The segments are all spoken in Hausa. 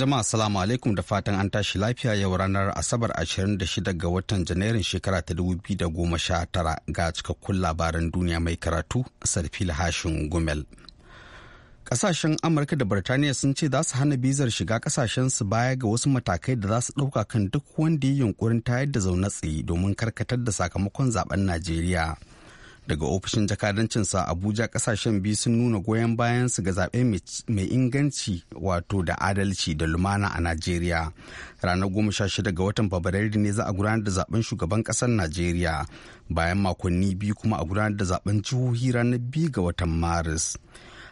jama'a salamu alaikum da fatan an tashi lafiya yau ranar asabar 26 ga watan janairun shekara ta 2019 ga cikakkun labaran duniya mai karatu sarfil hashin gumel kasashen amurka da birtaniya sun ce za su hana bizar shiga kasashensu baya ga wasu matakai da za su ɗauka kan duk wanda ya yunkurin tayar da zaune tsaye domin karkatar da sakamakon zaben najeriya daga ofishin jakadancinsa abuja kasashen biyu sun nuna goyon bayan su ga zaɓe mai inganci wato da adalci da lumana a najeriya ranar goma sha shida ga watan fabrairu ne za a gudanar da zaben shugaban ƙasar najeriya bayan makonni biyu kuma a gudanar da zaben jihohi ranar biyu ga watan maris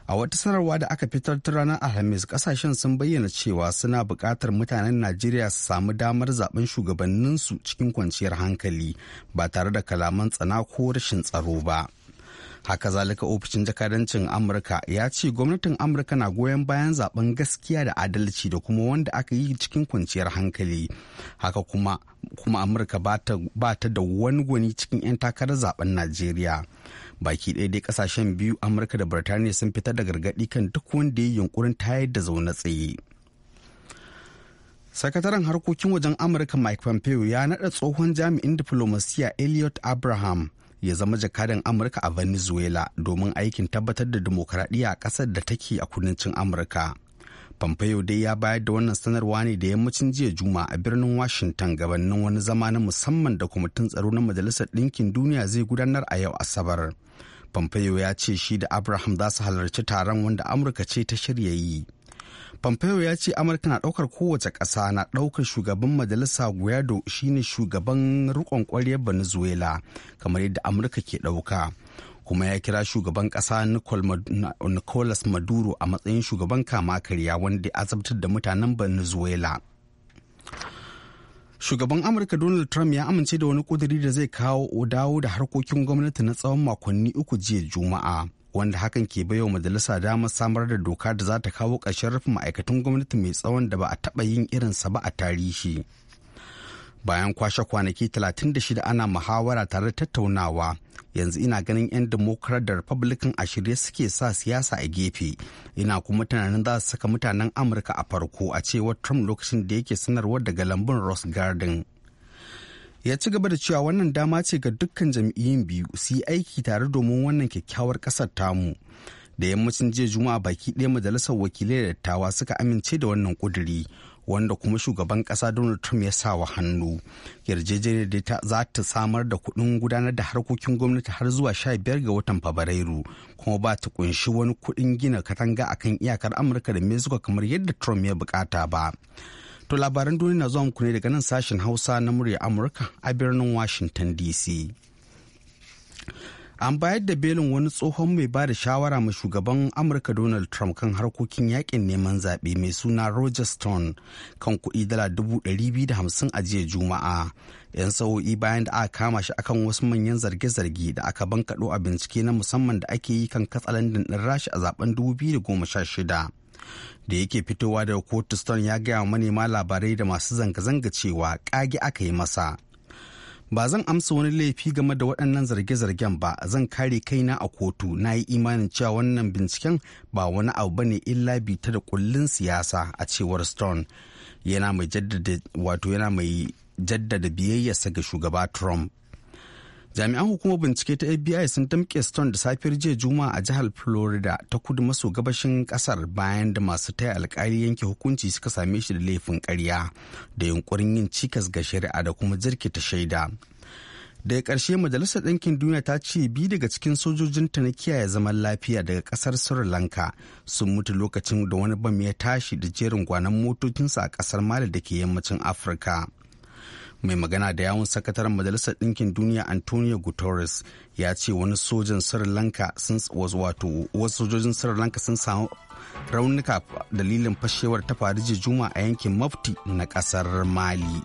A wata sanarwa da aka fitar ta ranar Alhamis kasashen sun bayyana cewa suna buƙatar mutanen Najeriya su samu damar zaben shugabanninsu cikin kwanciyar hankali ba tare da kalaman tsana ko rashin tsaro ba. haka zalika ofishin jakadancin amurka ya ce gwamnatin amurka na goyon bayan zaben gaskiya da adalci da kuma wanda aka yi cikin kwanciyar hankali haka kuma kuma amurka ba ta da wani gwani cikin 'yan takarar zaben najeriya baki ɗaya dai kasashen biyu amurka da birtaniya sun fitar da gargaɗi kan duk wanda ya yi yunkurin tayar da zaune tsaye sakataren harkokin wajen amurka mike pompeo ya naɗa tsohon jami'in diplomasiya elliot abraham ya zama jakadan amurka a venezuela domin aikin tabbatar da dimokuraɗiyya a ƙasar da take a kudancin amurka Pompeo dai ya bayar da wannan sanarwa ne da yammacin jiya juma a birnin Washington gabanin wani zama na musamman da kwamitin tsaro na Majalisar Ɗinkin Duniya zai gudanar a yau Asabar. Pompeo ya ce shi da Abraham za su halarci taron wanda Amurka ce ta shirya yi. Pompeo ya ce Amurka na ɗaukar kowace ƙasa na ɗaukar shugaban majalisa Guaido shine shugaban riƙon ƙwaryar Venezuela kamar yadda Amurka ke ɗauka. kuma ya kira shugaban kasa nicolas maduro a matsayin shugaban kama karya wanda azabtar da mutanen venezuela shugaban amurka donald trump ya amince da wani kuduri da zai kawo dawo da harkokin gwamnati na tsawon makonni uku jiya juma'a wanda hakan ke baiwa majalisa damar samar da doka da za ta kawo ƙarshen rufin ma'aikatan gwamnati mai tsawon da ba a taɓa yin irinsa ba a tarihi. bayan kwashe kwanaki 36 ana muhawara tare tattaunawa yanzu ina ganin 'yan democrat da republican a shirye suke sa siyasa a gefe ina kuma tunanin za su saka mutanen amurka a farko a cewar trump lokacin da yake sanarwar daga lambun ross garden ya ci gaba da cewa wannan dama ce ga dukkan jam'iyyun biyu su yi aiki tare domin wannan kyakkyawar kasar tamu da yammacin jiya juma'a baki ɗaya majalisar wakilai da dattawa suka amince da wannan ƙuduri wanda kuma shugaban kasa donald trump ya sa wa hannu yarjejeniyar da za ta samar da kuɗin gudanar da harkokin gwamnati har zuwa 15 ga watan fabrairu kuma ba ta kunshi wani kuɗin gina katanga akan iyakar amurka da mexico kamar yadda trump ya bukata ba to labaran duniya na zuwa muku ne daga nan sashen hausa na murya amurka a birnin washington dc an bayar da belin wani tsohon mai ba da shawara ma shugaban amurka donald trump kan harkokin yakin neman zaɓe mai suna roger stone kan kuɗi dala dubu ɗari biyu da hamsin a jiya juma'a yan sa'o'i bayan da aka kama shi akan wasu manyan zarge-zarge da aka bankaɗo a bincike na musamman da ake yi kan katsalandan ɗin rashi a zaben 2016 da yake fitowa daga kotu stone ya gaya wa manema labarai da masu zanga-zanga cewa ƙage aka yi masa ba zan amsa wani laifi game da waɗannan zarge-zargen ba zan kare kaina a kotu na yi imanin cewa wannan binciken ba wani abu bane illa bita da kullun siyasa a cewar stone wato yana mai jaddada biyayyarsa ga shugaba trump jami'an hukumar bincike ta fbi sun damke stone da safiyar jiya juma'a a jihar florida ta kudu maso gabashin kasar bayan da masu taya alkali yanke hukunci suka same shi da laifin karya da yunkurin yin cikas ga shari'a da kuma jirkita shaida daga ƙarshe majalisar ɗinkin duniya ta ce bi daga cikin sojojinta na kiyaye zaman lafiya daga ƙasar sri lanka sun mutu lokacin da wani bam ya tashi da jerin gwanan motocinsa a ƙasar mali da ke yammacin afirka mai magana da yawun sakataren majalisar ɗinkin duniya antonio guterres ya ce wani sojan sri lanka sun wato wasu sojojin sri lanka sun samu raunuka dalilin fashewar ta faru juma a yankin mafti na ƙasar mali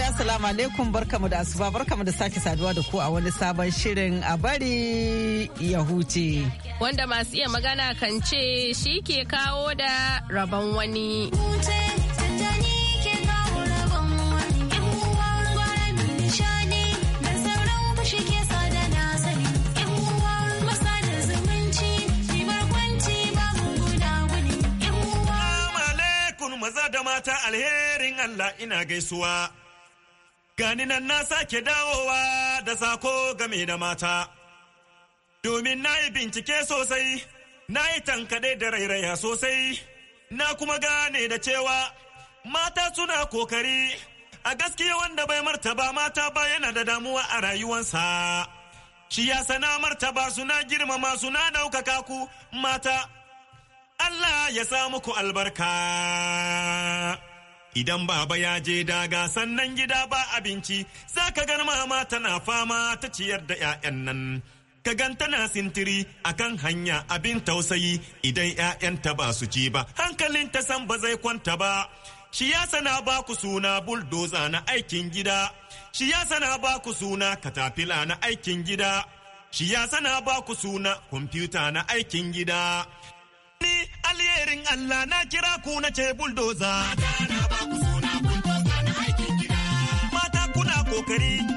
saurari assalamu alaikum barkamu da asuba barkamu da sake saduwa da ku a wani sabon shirin a bari ya huce. Wanda masu iya magana kan ce shi ke kawo da rabon wani. maza da mata alherin Allah ina gaisuwa. gani nan na sake dawowa da sako game da mata. Domin na yi bincike sosai, na yi tankaɗe da rairaya sosai, na kuma gane da cewa mata suna kokari, a gaskiya wanda bai martaba mata ba yana da damuwa a rayuwansa. Shi ya sana martaba suna girmama suna ɗaukaka ku mata. Allah ya sa muku albarka. Idan baba ya je daga sannan gida ba abinci, za ka gan mama tana fama ta ciyar da 'ya'yan nan. Ka gan tana sintiri a kan hanya abin tausayi idan 'ya'yanta ba su ci ba, hankalin ta san ba zai kwanta ba. Shi ya sana ba ku suna buldoza na aikin gida, shi ya sana ba ku suna katafila na aikin gida, shi ya sana ba ku suna kwamfuta na aikin gida. alherin Allah na kira ku na ce bulldozer. Mata na baku ku suna bulldozer na aikin gida. Mata kuna kokari.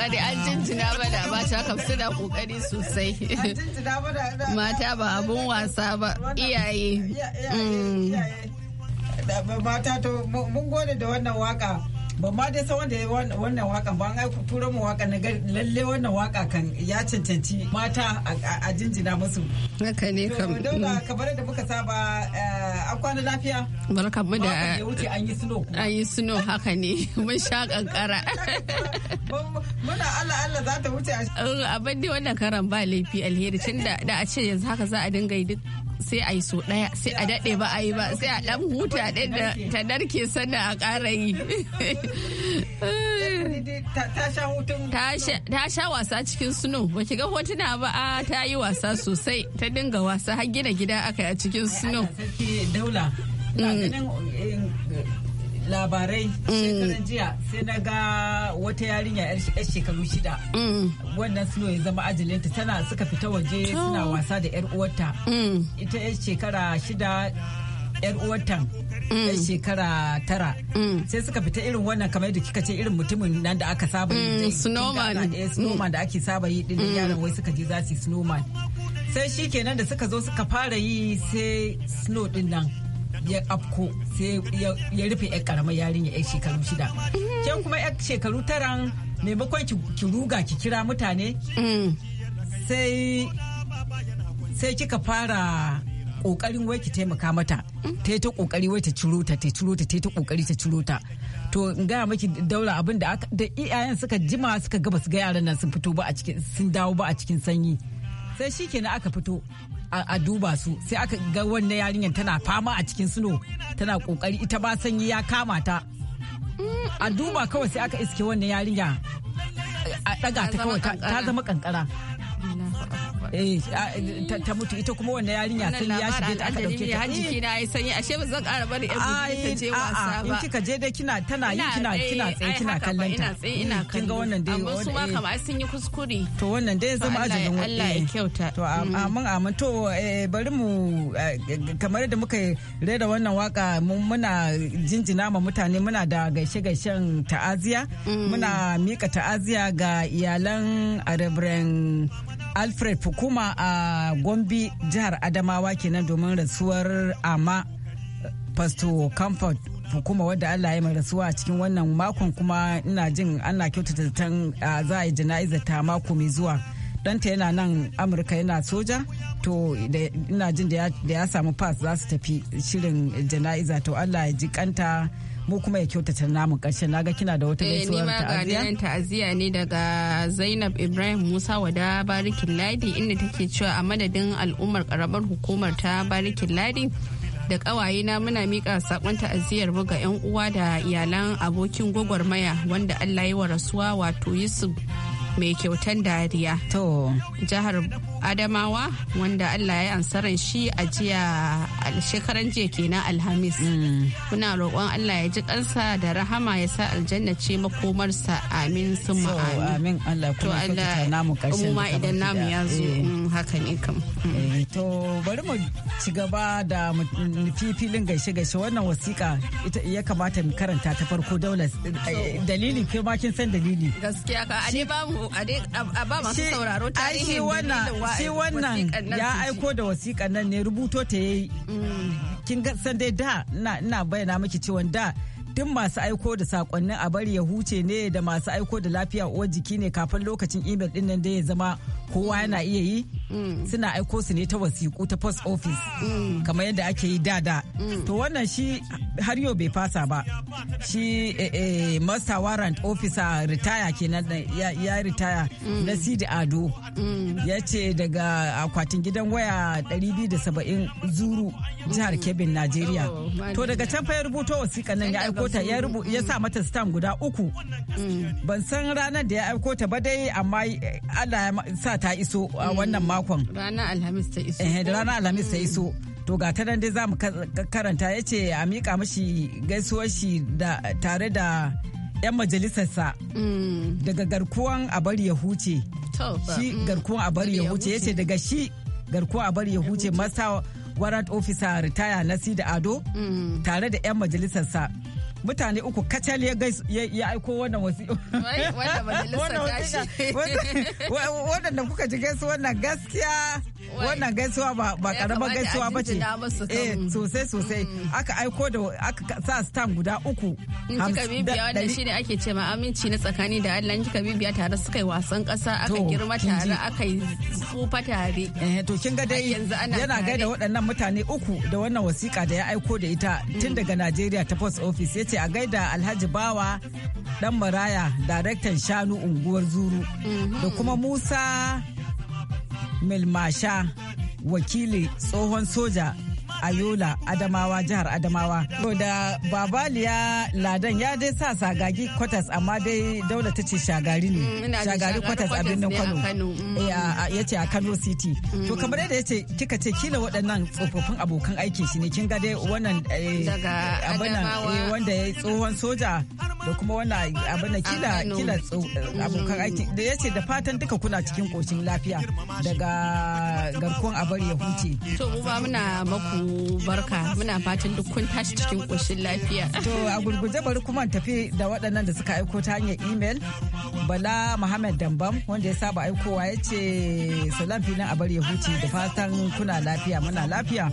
kokari an jinjina bada mata kam suna kokari sosai mata ba abun wasa ba iyaye mm. mata to mun gode da wannan waka ba ma dai wanda ya wannan wakan ba ai ku turo mu waka na lalle wannan waka kan ya cancanci mata a jinjina musu haka ne kam ka mm. kamar da muka saba eh, a kwana lafiya barka mu da wuce an yi snow an yi snow haka ne mun sha kankara muna Allah Allah za ta wuce a abin dai wannan karan ba laifi alheri tunda da a ce yanzu haka za a dinga yi duk sai a yi so ɗaya sai a daɗe ba a yi ba sai a ɗan huta ɗin da ta narke sannan a ƙara yi. Ta sha wasa cikin suno ba ki ga hotuna ba a ta yi wasa sosai ta dinga wasa har gina gida aka yi a cikin suno. labarai mm. shekaran jiya sai na ga wata yarinya yar shekaru shida mm. wannan suno ya zama ajalinta tana suka fita waje suna wasa da yar uwarta mm. ita yar shekara shida yar uwarta yar shekara tara sai suka fita irin wannan kamar yadda kika ce irin mutumin nan da aka saba yi snowman eh, snowman da ake saba yi din yaran wai suka je za su snowman sai shi kenan da suka zo suka fara yi sai snow din nan ya afko sai ya rufe yar karama yarinya yar shekaru shida can kuma yar shekaru taran maimakon ki ruga ki kira mutane mm. sai sai kika fara kokarin wai ki taimaka mata ta ta kokari wai ta ciro ta ta ciro ta ta kokari ta ciro ta to in gaya maki daura abin da da iyayen suka jima suka gaba su ga yaran nan sun fito ba a cikin sun dawo ba a cikin sanyi sai shikenan aka fito a duba su sai aka ga wannan yarinyar tana fama a cikin suno tana kokari ita ba sanyi ya kama ta a duba kawai sai aka iske wannan yarinya a daga ta kawai ta zama kankara eh ta mutu ita kuma wannan yarinya sun ya shige ta aka dauke ta har jiki na yi sanyi ashe ba zan ƙara bari yan ta je wasa ba in kika je dai kina tana yi kina kina tsaye kina kallon ta mm, kin ga wannan dai amma su ma eh. kamar sun yi kuskure to wannan dai zama ajalin wani Allah ya eh. kyauta to amma mm. amma to eh, bari mu kamar da muka rera wannan waka muna jinjina ma mutane muna da gaishe-gaishen ta'aziya mm. muna mika ta'aziya ga iyalan a alfred hukuma a gombe jihar adamawa kenan domin rasuwar amma pasto comfort hukuma wadda allah ya mai rasuwa a cikin wannan makon kuma ina jin ana kyautata zaton za a yi jana'iza ta mako mai zuwa danta yana nan amurka yana soja to ina jin da ya samu pass za su tafi shirin jana'iza to allah ya ji kanta mu kuma ya kyautata namun na ga kina da wata eh, gaisuwar ta'aziyya eh ta'aziyya ne daga Zainab Ibrahim Musa wada Barikin Ladi inda take cewa a madadin al'ummar karamar hukumar ta Barikin Ladi da kawaye na muna mika sakon ta'aziyyar mu ga yan uwa da iyalan abokin gwagwarmaya wanda Allah ya wa rasuwa wato Yusuf mai kyautar dariya to jihar adamawa wanda allah ya ansaran shi a jiya shekaran jiya kenan alhamis muna roƙon allah ya ji kansa da rahama ya sa aljanna ce makomarsa amin sun amin allah kuma ya idan namu ya zo eh. mm, haka ne kam mm. eh, to bari mu ci gaba da filin gaishe gaishe wannan wasiƙa ita ya kamata mu karanta ta farko daula eh, dalili ke ma kin san dalili gaskiya ka ade ba mu a ba masu sauraro tarihin wannan sai wannan ya aiko da wasiƙan nan ne rubuto ta yayi mm. kin ga san dai da ina bayyana miki cewa da duk masu aiko da sakonnin a bari ya huce ne da masu aiko da lafiya uwar jiki ne kafin lokacin imel din nan da ya zama kowa yana iya yi suna aiko su ne ta wasiƙu ta post office mm. kamar yadda ake yi dada mm. to wannan shi har yau bai fasa ba shi eh, eh, master warrant officer retire kenan eh, ya retire. Mm. na cd ado ya ce daga akwatin gidan waya 270 zuru jihar kebin nigeria. Oh, to daga can fa ya rubuto wasiƙa nan ya aiko ta ya sa mata stamp guda uku ban san ranar da ya aiko ta ba dai amma allah ya sa ta iso a wannan mako makon ranar alhamis ta iso eh ranar alhamis ta mm. iso to ga ta dai za mu karanta ya ce a miƙa mashi gaisuwar shi da tare da 'yan majalisarsa mm. daga garkuwan a bari ya huce shi mm. garkuwan a bari ya huce ya ce daga shi garkuwan a bari ya huce masa warrant officer ritaya na sida ado tare da 'yan majalisarsa mutane uku kacal ya aiko wannan wasi. Wannan majalisar kuka ji gaisu wannan gaskiya wannan gaisuwa ba karamar gaisuwa ba ce eh sosai sosai mm. aka aiko da aka sa stamp guda uku in kika bibiya wannan shine ake ce ma aminci na tsakani da Allah in kika bibiya tare suka yi wasan kasa aka girma tare aka yi tsufa tare eh to kin ga dai yana gaida waɗannan mutane uku da wannan wasiƙa da ya aiko da ita tun mm. daga Najeriya ta post office yace a gaida Alhaji Bawa dan Maraya daraktan shanu unguwar Zuru mm-hmm. da kuma Musa milmasha wakili tsohon soja a yola adamawa jihar adamawa to da babaliya ladan ya dai sa sagagi kwatas amma dai daula ta ce shagari ne mm, shagari kwatas a birnin kano mm. eh, ya ce a kano city mm. to kamar yadda ya ce kika ce kila waɗannan tsofaffin abokan aiki shi ne kin ga dai wannan eh, abinan eh, wanda ya tsohon soja da kuma wani abu na kila kila abokan aiki da ya ce da fatan duka kuna cikin koshin lafiya daga garkon abar ya huce. To ba muna maku barka muna fatan duk kun tashi cikin koshin lafiya. To a gurguje bari kuma tafi da waɗannan da suka aiko ta hanyar email Bala Muhammad Dambam wanda ya saba aikowa ya ce salam filin abar ya huce da fatan kuna lafiya muna lafiya.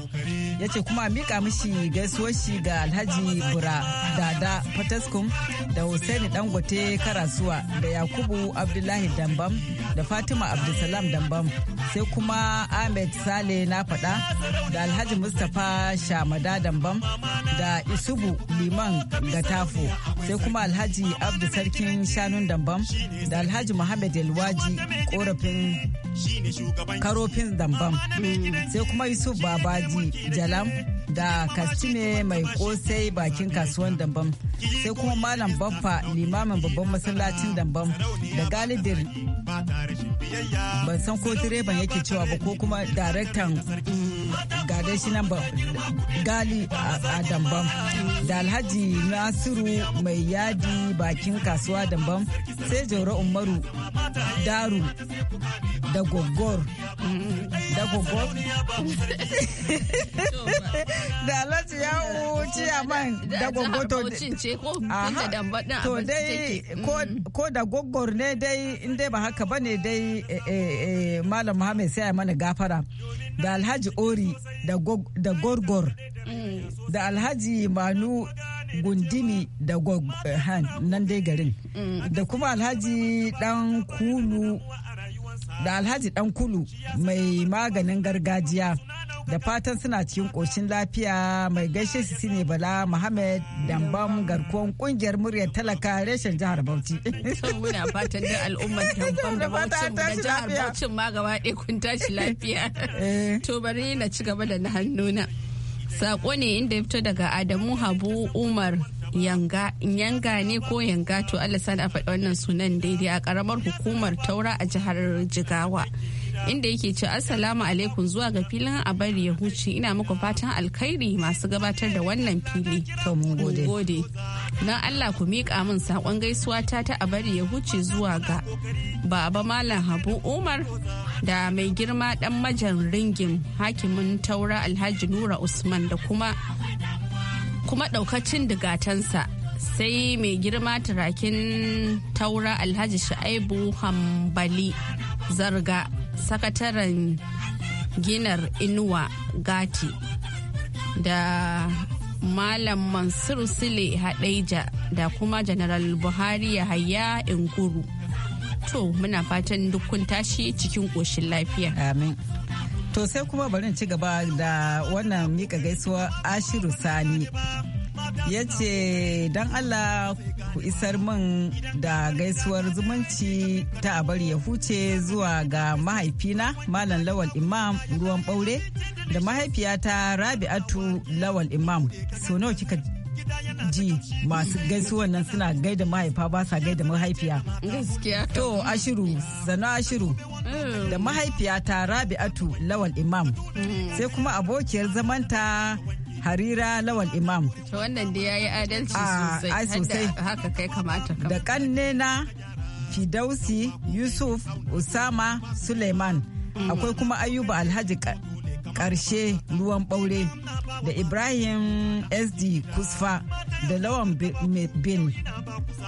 Ya ce kuma mika mishi gaisuwar shi ga Alhaji Bura Dada Fataskum da Hussaini Dangote Karasuwa da Yakubu Abdullahi Dambam da Fatima Abdulsalam Dambam sai kuma Ahmed Sale na faɗa da Alhaji Mustapha Shamada Dambam da Isubu Liman Gatafo sai kuma Alhaji Abdu Sarkin Shanun Dambam da Alhaji Muhammad Elwaji korafin karofin Dambam sai kuma Yusuf Babaji Jalam da kastine mai kosai bakin kasuwan dambam sai kuma malam baffa limamin babban masallacin dambam da galibir ban san ko direban yake cewa ba ko kuma daraktan mm, gadon shi nan ba gali a dambam da alhaji nasiru mai yadi bakin kasuwa dambam sai jauro umaru daru da gogor da gogor da alhaji a man da gogor to to dai ko da gogor ne dai in dai ba haka bane dai eh, eh, eh, malam muhammed sai ya mana gafara da alhaji ori da gorgor mm. da alhaji manu gundimi da gog nan dai garin mm. da kuma alhaji dan kulu da alhaji dan kulu mai maganin gargajiya da fatan suna cikin ƙoshin lafiya mai gaishe su shine bala muhammad dambam garkuwan kungiyar muryar talaka reshen jihar bauchi muna fatan da al'ummar dambam da bauchin da jihar bauchin ma gaba ɗaya kun tashi lafiya eh. to bari na ci gaba da na hannuna sako ne inda ya fito daga adamu habu umar yanga yanga ne ko yanga to allah sani a faɗi wannan sunan daidai a karamar hukumar taura a jihar jigawa inda yake ce assalamu alaikum zuwa ga filin a bari ya huce ina muku fatan alkhairi masu gabatar da wannan fili to mun gode na Allah ku miƙa min sakon gaisuwa ta ta a bari ya huce zuwa ga baba malam habu umar da mai girma dan majan ringin hakimin taura alhaji nura usman da kuma kuma daukacin digatansa sai mai girma turakin taura alhaji sha'ibu hambali zarga sakataren ginar inuwa gati da malam mansur sile hadaija da kuma janaral buhari yahaya inguru to muna fatan dukkan tashi cikin koshin lafiya amin To sai kuma bari ci gaba da wannan mika gaisuwar Ashiru Sani. Ya ce, "Don Allah ku isar min da gaisuwar zumunci ta bari ya huce zuwa ga mahaifina Malam Lawal Imam ruwan ɓaure da mahaifiyata Rabi'atu Lawal Imam. So nawa kika ji masu gaisuwan nan suna gaida mahaifa ba sa gaida mahaifiya. Gaskiya. To ashiru, zana ashiru. Mm. Da mahaifiyata Atu Lawal Imam. Mm. Sai kuma abokiyar zamanta Harira Lawal Imam. To wannan da ya yi adalci ah, sosai. Haka kai kamata. Da kanne na Fidausi, Yusuf, Usama, Suleiman. Mm. Akwai kuma Ayuba Alhaji ƙarshe ruwan ɓaure da ibrahim sd kusfa da lawan bin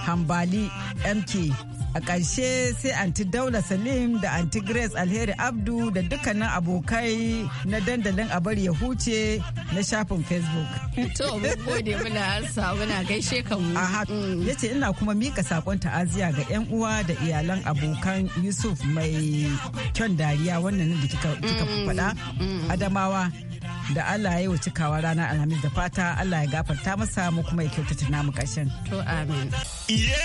hambali mk a ƙarshe sai anti daula salim da anti grace alheri abdu da dukkanin abokai na dandalin abari ya huce na shafin facebook to mun gode muna harsa muna gaishe ka mu mm. ya ce ina kuma mika sakon ta'aziya ga yan uwa da iyalan abokan yusuf mai kyan dariya wannan da kika mm. faɗa mm. adamawa da Allah ya yi wa cikawa ranar Alhamis da fata Allah ya gafarta masa mu kuma ya kyautata namu ƙarshen. To amin. Iye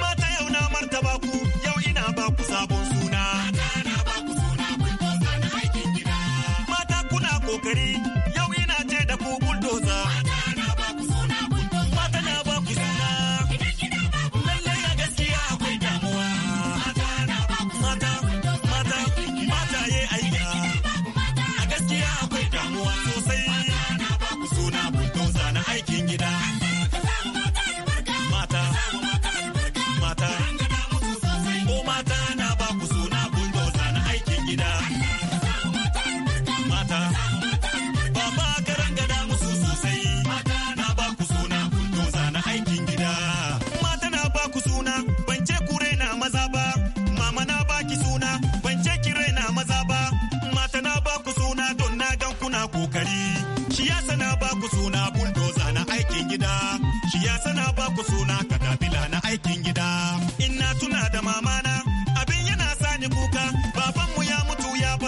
mata yau na martaba ku yau ina ba ku sabon suna.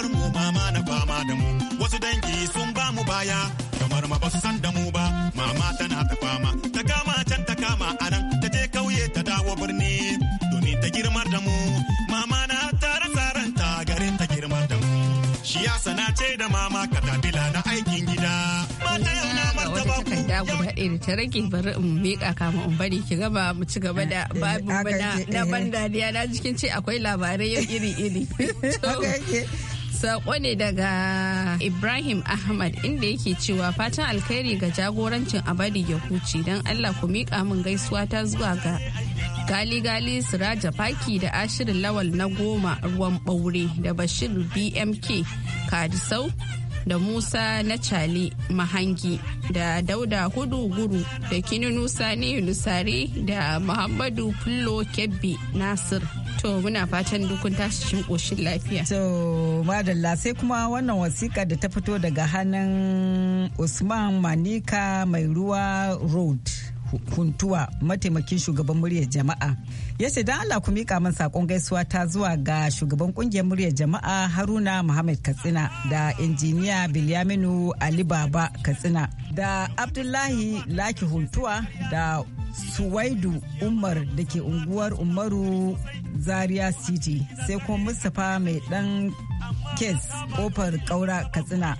bar mu mama na fama da mu wasu dangi sun ba mu baya kamar ma basu san da mu ba mama tana ta fama ta kama can ta kama anan ta je kauye ta dawo birni domin ta girmar da mu mama na tara saranta garin ta girmar da mu shi ya sana ce da mama katabila na aikin gida mata yau na martaba ku ya guda da ta rage bari in miƙa kama in bari ki gaba mu ci gaba da eh, eh, babu na ban eh. dariya na cikin ce akwai labarai iri iri Sako ne daga Ibrahim Ahmad inda yake cewa fatan alkhairi ga jagorancin abadi ya huce don Allah ku miƙa min gaisuwa ta zuwa ga gali-gali siraja faki da ashirin lawal na goma ruwan ɓaure da bashir bmk kadisau da Musa na Cali Mahangi da Dauda Hudu Guru da Kini Nusa ne da Muhammadu Fullo Kebbi Nasir. To muna fatan dukun tashi cikin koshin lafiya. To madalla sai kuma wannan wasiƙa da ta fito daga hannun Usman Manika mai ruwa Road Huntuwa mataimakin shugaban muryar jama'a. ya ce don Allah ku mika min sakon gaisuwa ta zuwa ga shugaban ƙungiyar muryar jama'a Haruna Muhammad Katsina da injiniya Bilyaminu Ali Baba Katsina da Abdullahi Laki Huntuwa da Suwaidu Umar da ke unguwar Umaru Zaria City sai kuma Mustapha mai dan. kes kofar kaura katsina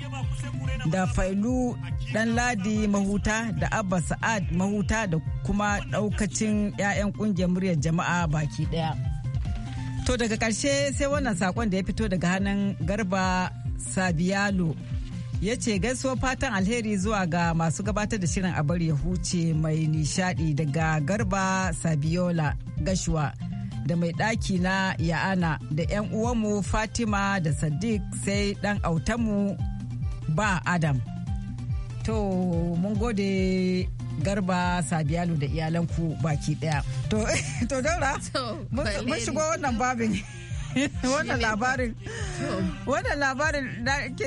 da failu dan ladi mahuta da abba sa'ad mahuta da kuma daukacin 'ya'yan kungiyar muryar jama'a baki daya to daga karshe sai wannan sakon da ya fito daga hannun garba sabiyalo ya ce gaisuwar fatan alheri zuwa ga masu gabatar da shirin a bari ya huce mai nishadi daga garba sabiola gashuwa da mai ɗaki na ya'ana da 'yan uwanmu fatima da sadiq sai ɗan autanmu ba adam to mun gode garba sabiyalu da iyalanku baki ɗaya. to daura mun shigo wannan babin wannan labarin wannan labarin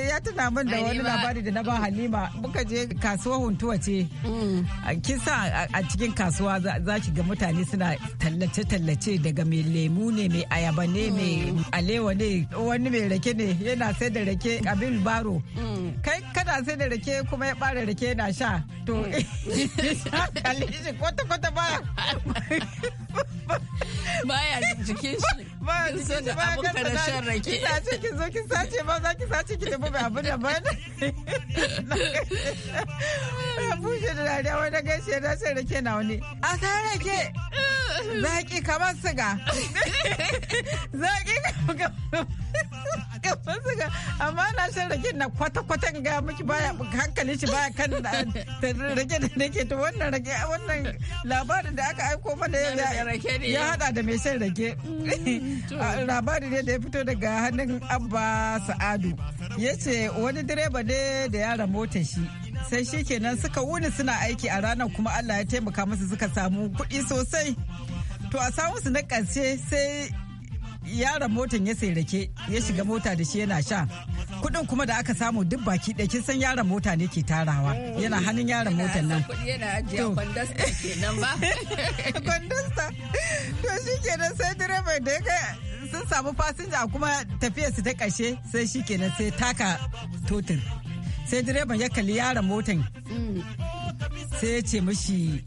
ya tuna min da wani labari da na ba halima muka je kasuwa huntuwa ce mm. kisa a cikin kasuwa za ki ga mutane suna tallace-tallace daga mai lemu ne mai ayaba ne mm. mai alewa ne wani mai rake ne yana sai da rake abin baro mm. kai kana sai da rake kuma ya bare rake yana sha to kwata-kwata baya baya jikin shi baya jikin da abun ka da shan rake. Ki sace ki zo ki sace ba za ki sace ki tafi ba abun da ba. Na bushe da dariya wani gaishe na shan rake na wani. A san rake. Zaki kamar siga. Zaki kamar kamar suga amma na san rage na kwata-kwata ga miki baya shi baya kan ah, rake da rage to wannan rake wannan labarin da aka aiko mana ya hada da mai san rage mm, ah, labari ne da ya fito daga hannun abba sa'adu ya ce wani direba ne da yaran motar shi sai shi kenan suka wuni suna aiki a ranar kuma allah ya taimaka musu suka samu kuɗi sosai to a samu su na ƙarshe sai yaron motan ya rake ya shiga mota da shi yana sha kudin kuma da aka samu duk baki ɗaya kin san yaron mota ne ke tarawa yana hannun yaron motan nan yana ajiya kwandasta kenan ba kwandasta to shikenan sai direban da ya kai sun samu fasinja kuma su ta ƙashe sai shi kenan sai taka totin sai direban ya kalli yaron motan mm. sai ya ce mashi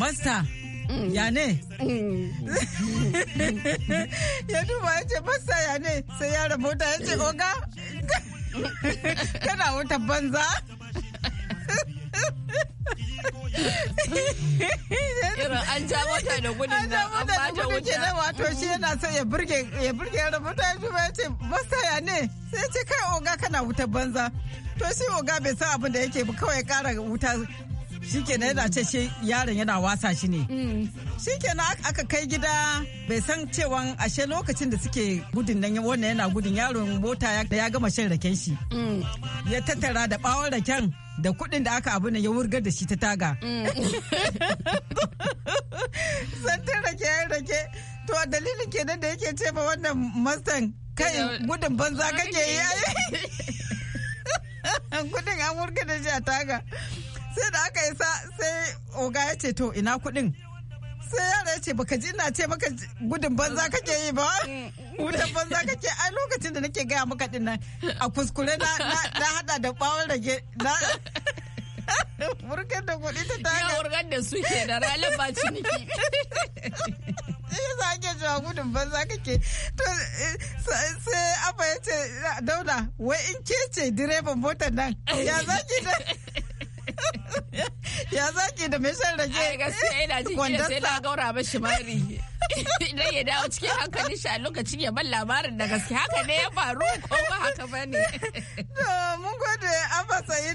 masta Mm. ya ne mm. Mm. ya duba ya ce basa ya ne sai ya rabota ya ce oga kana wata banza an ja mota da gudun nan an ba ta wuce nan wato shi yana sai ya burge ya burge ya rubuta ya duba ya ce masaya ne sai ce kai oga kana wuta banza to shi oga bai san abin da yake ba kawai kara wuta shikenan yana ce shi yaron yana wasa shi ne mm. shikenan aka kai gida bai san cewa ashe lokacin da suke gudun nan wannan yana gudun yaron mota ya gama shan raken shi mm. ya tattara da bawon raken da kuɗin da aka abu ya wurgar da shi ta taga mm. ta rake ya rake to dalilin kenan da yake ce ba wannan mastan kai gudun banza kake yayi kudin an wurgar da shi a taga sai da aka isa sai oga ya ce to ina kuɗin sai yara ya ce baka ji ina ce maka gudun banza kake yi ba wutan banza kake ai lokacin da nake gaya maka din nan a kuskure na hada da bawon rage na burkar da kuɗi ta taga ya wurgar da su ke da ralin ba ciniki ya za ke cewa gudun banza kake to sai abba ya ce dauda wai in ke ce direban motar nan ya zaki da ya zaki da mai shan rage gaskiya ina jin sai na gaura shi mari idan ya dawo cikin hankali shi a lokacin ya ban labarin da gaske haka ne ya faru ko ba haka ba ne. To mun gode an fasa yi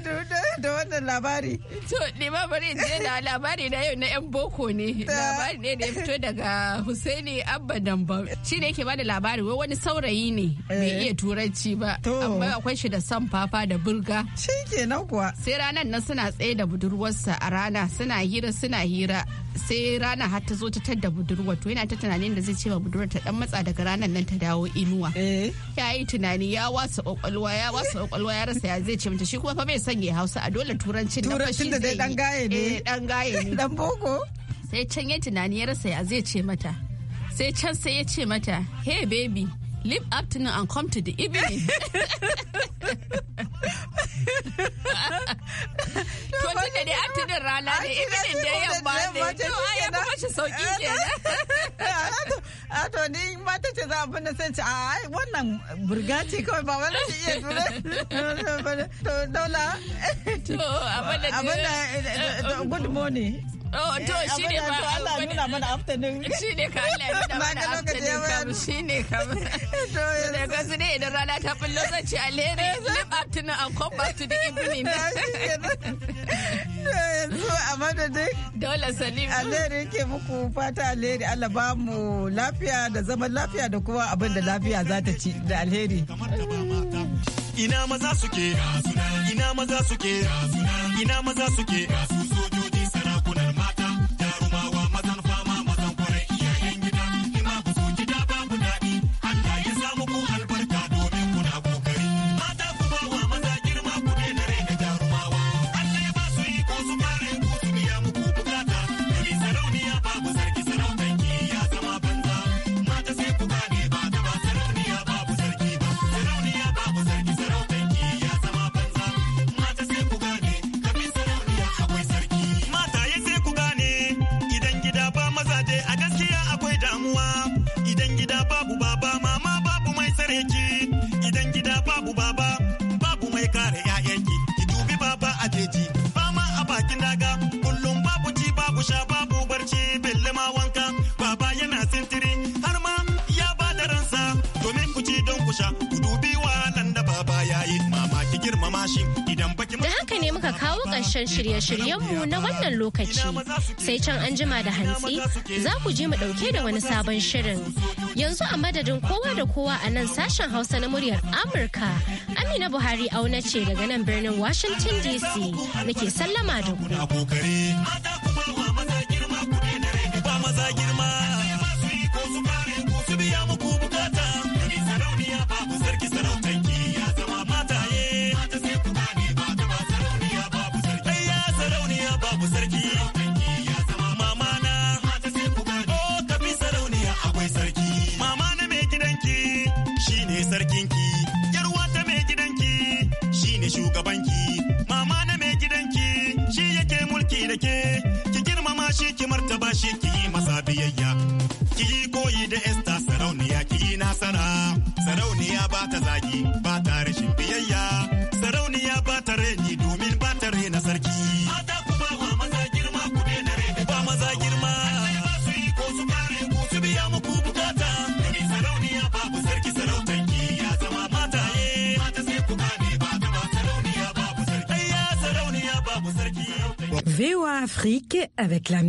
da wannan labari. To ne ma bari je da labari na yau na 'yan boko ne. Labari ne da ya fito daga Husaini Abba Damba. Shi ne yake bada labari wai wani saurayi ne bai eh. iya turanci ba. Amma akwai shi da san fafa da burga. Shi kenan kuwa. Sai ranar nan suna tsaye da budurwarsa a rana suna hira suna hira. sai rana har ta zo ta tadda budurwa to yana ta tunanin da zai ce ma budurwa ta dan matsa daga ranar nan ta dawo inuwa eh. ya yi tunani ya wasa kwakwalwa ya wasa kwakwalwa ya rasa ya zai ce mata shi kuma fa bai sanya hausa a dole turancin da fashi da dan gaye ne eh, dan gaye ne dan boko sai can ya tunani ya rasa ya zai ce mata sai can sai ya ce mata hey baby leave afternoon and come to the evening. To tun da afternoon rana ne. To ai ya kuma shi sauki a to ni ta a fi kawai ba wani shi iya tura to to good morning Oh, to eh, shi ne ba Allah nuna mana afternoon shi ne ka Allah nuna mana afternoon kam shi ne kam to daga su ne idan rana ta bullo zan ce alheri live afternoon and come back to the evening yanzu a madadin dole salim alheri ke muku fata alheri Allah ba mu lafiya da zaman lafiya da kuma abin da lafiya za ta ci da alheri ina maza suke ina maza suke ina maza suke ƙarshen shirye shiryen mu na wannan lokaci. Sai can an jima da hantsi za ku je mu ɗauke da wani sabon shirin. Yanzu a madadin kowa da kowa a nan sashen Hausa na muryar Amurka, Amina Buhari auna ce daga nan birnin Washington DC nake sallama da ku. avec la